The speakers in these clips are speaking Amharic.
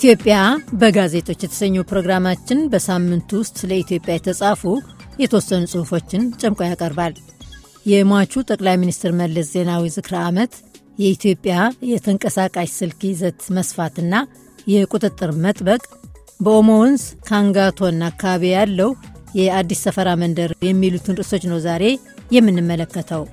ኢትዮጵያ በጋዜጦች የተሰኘው ፕሮግራማችን በሳምንት ውስጥ ስለ ኢትዮጵያ የተጻፉ የተወሰኑ ጽሑፎችን ጨምቆ ያቀርባል። የሟቹ ጠቅላይ ሚኒስትር መለስ ዜናዊ ዝክረ ዓመት፣ የኢትዮጵያ የተንቀሳቃሽ ስልክ ይዘት መስፋትና የቁጥጥር መጥበቅ፣ በኦሞ ወንዝ ካንጋቶና አካባቢ ያለው የአዲስ ሰፈራ መንደር የሚሉትን ርዕሶች ነው ዛሬ የምንመለከተው።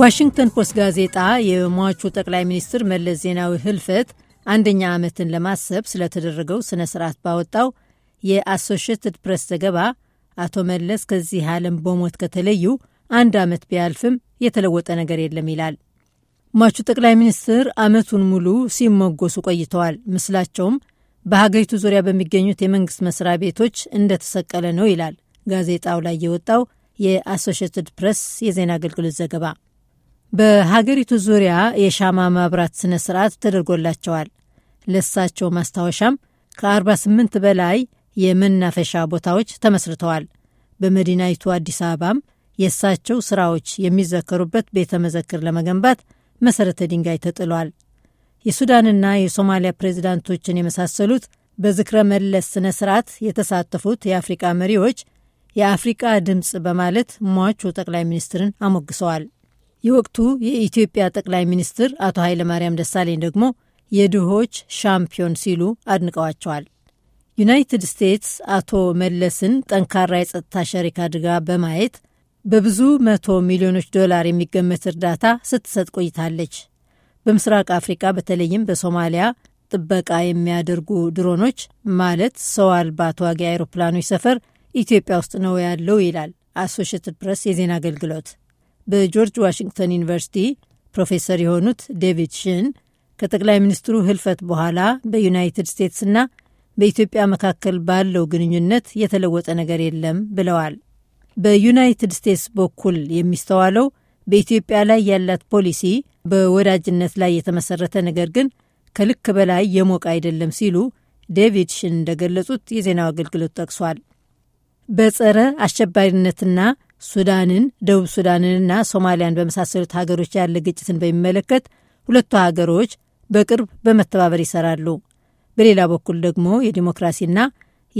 ዋሽንግተን ፖስት ጋዜጣ የሟቹ ጠቅላይ ሚኒስትር መለስ ዜናዊ ህልፈት አንደኛ ዓመትን ለማሰብ ስለተደረገው ስነ ስርዓት ባወጣው የአሶሽትድ ፕሬስ ዘገባ አቶ መለስ ከዚህ ዓለም በሞት ከተለዩ አንድ ዓመት ቢያልፍም የተለወጠ ነገር የለም ይላል። ሟቹ ጠቅላይ ሚኒስትር ዓመቱን ሙሉ ሲመጎሱ ቆይተዋል። ምስላቸውም በሀገሪቱ ዙሪያ በሚገኙት የመንግሥት መስሪያ ቤቶች እንደተሰቀለ ነው ይላል ጋዜጣው ላይ የወጣው የአሶሽትድ ፕሬስ የዜና አገልግሎት ዘገባ። በሀገሪቱ ዙሪያ የሻማ ማብራት ስነ ስርዓት ተደርጎላቸዋል። ለሳቸው ማስታወሻም ከ48 በላይ የመናፈሻ ቦታዎች ተመስርተዋል። በመዲናይቱ አዲስ አበባም የእሳቸው ስራዎች የሚዘከሩበት ቤተ መዘክር ለመገንባት መሰረተ ድንጋይ ተጥሏል። የሱዳንና የሶማሊያ ፕሬዚዳንቶችን የመሳሰሉት በዝክረ መለስ ስነ ስርዓት የተሳተፉት የአፍሪቃ መሪዎች የአፍሪቃ ድምፅ በማለት ሟቹ ጠቅላይ ሚኒስትርን አሞግሰዋል። የወቅቱ የኢትዮጵያ ጠቅላይ ሚኒስትር አቶ ኃይለማርያም ደሳለኝ ደግሞ የድሆች ሻምፒዮን ሲሉ አድንቀዋቸዋል። ዩናይትድ ስቴትስ አቶ መለስን ጠንካራ የጸጥታ ሸሪክ አድርጋ በማየት በብዙ መቶ ሚሊዮኖች ዶላር የሚገመት እርዳታ ስትሰጥ ቆይታለች። በምስራቅ አፍሪካ በተለይም በሶማሊያ ጥበቃ የሚያደርጉ ድሮኖች ማለት ሰው አልባ ተዋጊ አውሮፕላኖች ሰፈር ኢትዮጵያ ውስጥ ነው ያለው ይላል አሶሽትድ ፕሬስ የዜና አገልግሎት። በጆርጅ ዋሽንግተን ዩኒቨርሲቲ ፕሮፌሰር የሆኑት ዴቪድ ሽን ከጠቅላይ ሚኒስትሩ ህልፈት በኋላ በዩናይትድ ስቴትስና በኢትዮጵያ መካከል ባለው ግንኙነት የተለወጠ ነገር የለም ብለዋል። በዩናይትድ ስቴትስ በኩል የሚስተዋለው በኢትዮጵያ ላይ ያላት ፖሊሲ በወዳጅነት ላይ የተመሰረተ ነገር ግን ከልክ በላይ የሞቀ አይደለም ሲሉ ዴቪድ ሽን እንደገለጹት የዜናው አገልግሎት ጠቅሷል። በጸረ አሸባሪነትና ሱዳንን፣ ደቡብ ሱዳንንና ሶማሊያን በመሳሰሉት ሀገሮች ያለ ግጭትን በሚመለከት ሁለቱ ሀገሮች በቅርብ በመተባበር ይሰራሉ። በሌላ በኩል ደግሞ የዲሞክራሲና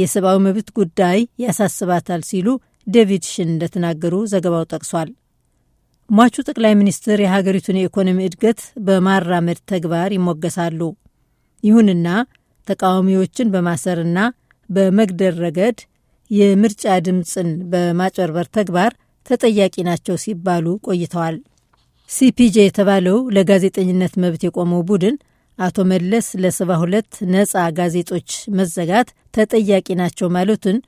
የሰብአዊ መብት ጉዳይ ያሳስባታል ሲሉ ዴቪድ ሽን እንደተናገሩ ዘገባው ጠቅሷል። ሟቹ ጠቅላይ ሚኒስትር የሀገሪቱን የኢኮኖሚ እድገት በማራመድ ተግባር ይሞገሳሉ። ይሁንና ተቃዋሚዎችን በማሰርና በመግደል ረገድ የምርጫ ድምፅን በማጭበርበር ተግባር ተጠያቂ ናቸው ሲባሉ ቆይተዋል። ሲፒጄ የተባለው ለጋዜጠኝነት መብት የቆመው ቡድን አቶ መለስ ለሰባ ሁለት ነጻ ጋዜጦች መዘጋት ተጠያቂ ናቸው ማለቱን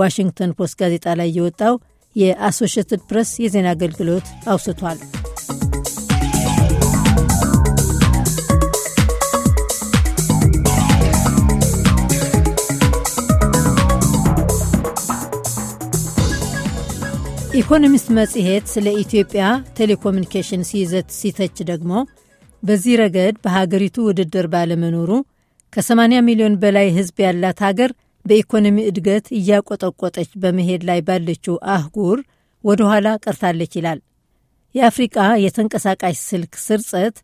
ዋሽንግተን ፖስት ጋዜጣ ላይ የወጣው የአሶሽትድ ፕሬስ የዜና አገልግሎት አውስቷል። ኢኮኖሚስት መጽሔት ስለ ኢትዮጵያ ቴሌኮሙኒኬሽን ሲይዘት ሲተች ደግሞ በዚህ ረገድ በሀገሪቱ ውድድር ባለመኖሩ ከ80 ሚሊዮን በላይ ሕዝብ ያላት ሀገር በኢኮኖሚ እድገት እያቆጠቆጠች በመሄድ ላይ ባለችው አህጉር ወደ ኋላ ቀርታለች ይላል። የአፍሪቃ የተንቀሳቃሽ ስልክ ስርጸት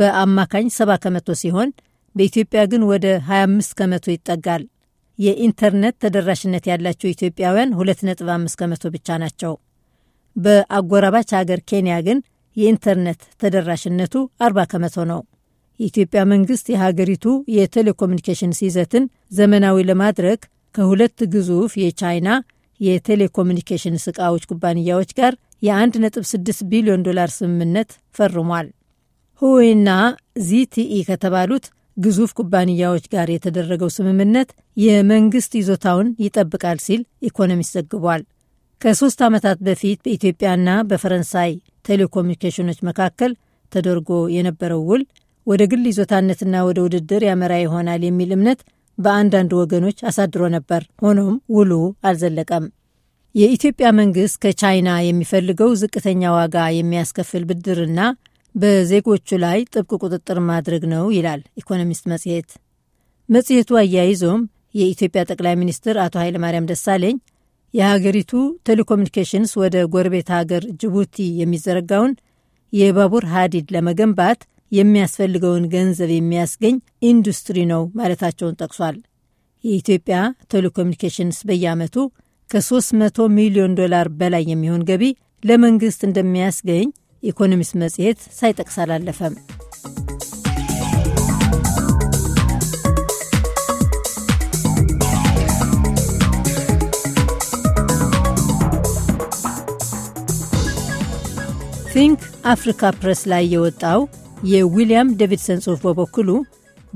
በአማካኝ 70 ከመቶ ሲሆን በኢትዮጵያ ግን ወደ 25 ከመቶ ይጠጋል። የኢንተርኔት ተደራሽነት ያላቸው ኢትዮጵያውያን 2.5 ከመቶ ብቻ ናቸው። በአጎራባች ሀገር ኬንያ ግን የኢንተርኔት ተደራሽነቱ 40 ከመቶ ነው። የኢትዮጵያ መንግስት የሀገሪቱ የቴሌኮሙኒኬሽንስ ይዘትን ዘመናዊ ለማድረግ ከሁለት ግዙፍ የቻይና የቴሌኮሙኒኬሽንስ ዕቃዎች ኩባንያዎች ጋር የ1.6 ቢሊዮን ዶላር ስምምነት ፈርሟል። ሁዌና ዚቲኢ ከተባሉት ግዙፍ ኩባንያዎች ጋር የተደረገው ስምምነት የመንግስት ይዞታውን ይጠብቃል ሲል ኢኮኖሚስት ዘግቧል። ከሶስት ዓመታት በፊት በኢትዮጵያና በፈረንሳይ ቴሌኮሙኒኬሽኖች መካከል ተደርጎ የነበረው ውል ወደ ግል ይዞታነትና ወደ ውድድር ያመራ ይሆናል የሚል እምነት በአንዳንድ ወገኖች አሳድሮ ነበር። ሆኖም ውሉ አልዘለቀም። የኢትዮጵያ መንግስት ከቻይና የሚፈልገው ዝቅተኛ ዋጋ የሚያስከፍል ብድርና በዜጎቹ ላይ ጥብቅ ቁጥጥር ማድረግ ነው ይላል ኢኮኖሚስት መጽሔት። መጽሔቱ አያይዞም የኢትዮጵያ ጠቅላይ ሚኒስትር አቶ ኃይለማርያም ደሳለኝ የሀገሪቱ ቴሌኮሙኒኬሽንስ ወደ ጎረቤት ሀገር ጅቡቲ የሚዘረጋውን የባቡር ሀዲድ ለመገንባት የሚያስፈልገውን ገንዘብ የሚያስገኝ ኢንዱስትሪ ነው ማለታቸውን ጠቅሷል። የኢትዮጵያ ቴሌኮሙኒኬሽንስ በየዓመቱ ከ300 ሚሊዮን ዶላር በላይ የሚሆን ገቢ ለመንግስት እንደሚያስገኝ ኢኮኖሚስት መጽሔት ሳይጠቅስ አላለፈም። ቲንክ አፍሪካ ፕሬስ ላይ የወጣው የዊልያም ዴቪድሰን ጽሑፍ በበኩሉ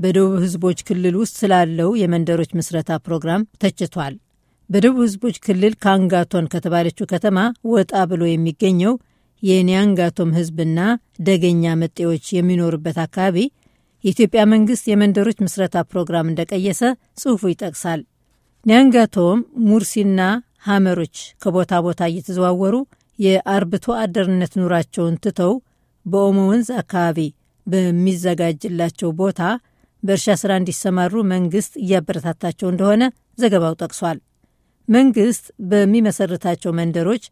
በደቡብ ህዝቦች ክልል ውስጥ ስላለው የመንደሮች ምስረታ ፕሮግራም ተችቷል። በደቡብ ህዝቦች ክልል ካንጋቶን ከተባለችው ከተማ ወጣ ብሎ የሚገኘው የኒያንጋቶም ህዝብና ደገኛ መጤዎች የሚኖሩበት አካባቢ የኢትዮጵያ መንግሥት የመንደሮች ምስረታ ፕሮግራም እንደቀየሰ ጽሑፉ ይጠቅሳል። ኒያንጋቶም ሙርሲና ሐመሮች ከቦታ ቦታ እየተዘዋወሩ የአርብቶ አደርነት ኑራቸውን ትተው በኦሞ ወንዝ አካባቢ በሚዘጋጅላቸው ቦታ በእርሻ ስራ እንዲሰማሩ መንግስት እያበረታታቸው እንደሆነ ዘገባው ጠቅሷል። መንግስት በሚመሰርታቸው መንደሮች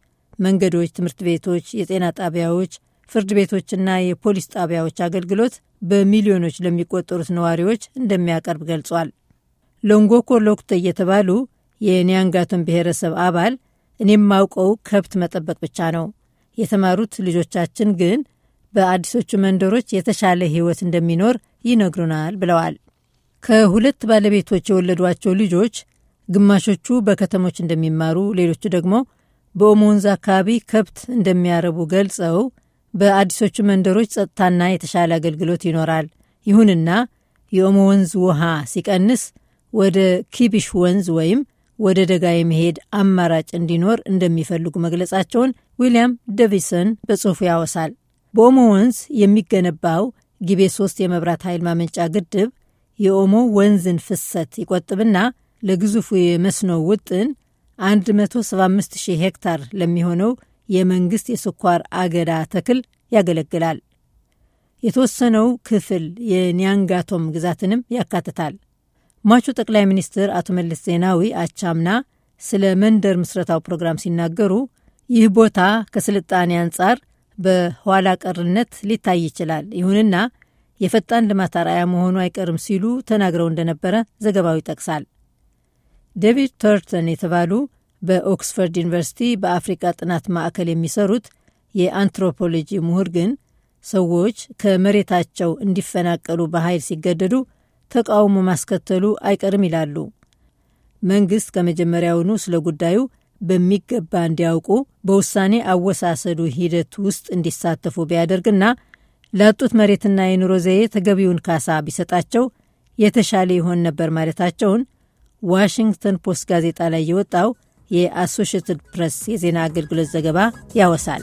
መንገዶች፣ ትምህርት ቤቶች፣ የጤና ጣቢያዎች፣ ፍርድ ቤቶችና የፖሊስ ጣቢያዎች አገልግሎት በሚሊዮኖች ለሚቆጠሩት ነዋሪዎች እንደሚያቀርብ ገልጿል። ሎንጎኮ ሎክተ የተባሉ የኒያንጋቱን ብሔረሰብ አባል እኔ የማውቀው ከብት መጠበቅ ብቻ ነው። የተማሩት ልጆቻችን ግን በአዲሶቹ መንደሮች የተሻለ ህይወት እንደሚኖር ይነግሩናል ብለዋል። ከሁለት ባለቤቶች የወለዷቸው ልጆች ግማሾቹ በከተሞች እንደሚማሩ፣ ሌሎቹ ደግሞ በኦሞ ወንዝ አካባቢ ከብት እንደሚያረቡ ገልጸው በአዲሶቹ መንደሮች ጸጥታና የተሻለ አገልግሎት ይኖራል። ይሁንና የኦሞ ወንዝ ውሃ ሲቀንስ ወደ ኪቢሽ ወንዝ ወይም ወደ ደጋ የመሄድ አማራጭ እንዲኖር እንደሚፈልጉ መግለጻቸውን ዊልያም ደቪሰን በጽሑፉ ያወሳል። በኦሞ ወንዝ የሚገነባው ጊቤ 3 የመብራት ኃይል ማመንጫ ግድብ የኦሞ ወንዝን ፍሰት ይቆጥብና ለግዙፉ የመስኖ ውጥን 175000 ሄክታር ለሚሆነው የመንግስት የስኳር አገዳ ተክል ያገለግላል። የተወሰነው ክፍል የኒያንጋቶም ግዛትንም ያካትታል። ሟቹ ጠቅላይ ሚኒስትር አቶ መለስ ዜናዊ አቻምና ስለ መንደር ምስረታው ፕሮግራም ሲናገሩ ይህ ቦታ ከስልጣኔ አንጻር በኋላ ቀርነት ሊታይ ይችላል፣ ይሁንና የፈጣን ልማት አርአያ መሆኑ አይቀርም ሲሉ ተናግረው እንደነበረ ዘገባው ይጠቅሳል። ዴቪድ ተርተን የተባሉ በኦክስፈርድ ዩኒቨርሲቲ በአፍሪቃ ጥናት ማዕከል የሚሰሩት የአንትሮፖሎጂ ምሁር ግን ሰዎች ከመሬታቸው እንዲፈናቀሉ በኃይል ሲገደዱ ተቃውሞ ማስከተሉ አይቀርም ይላሉ። መንግስት ከመጀመሪያውኑ ስለ ጉዳዩ በሚገባ እንዲያውቁ በውሳኔ አወሳሰዱ ሂደት ውስጥ እንዲሳተፉ ቢያደርግና ላጡት መሬትና የኑሮ ዘዬ ተገቢውን ካሳ ቢሰጣቸው የተሻለ ይሆን ነበር ማለታቸውን ዋሽንግተን ፖስት ጋዜጣ ላይ የወጣው የአሶሽትድ ፕሬስ የዜና አገልግሎት ዘገባ ያወሳል።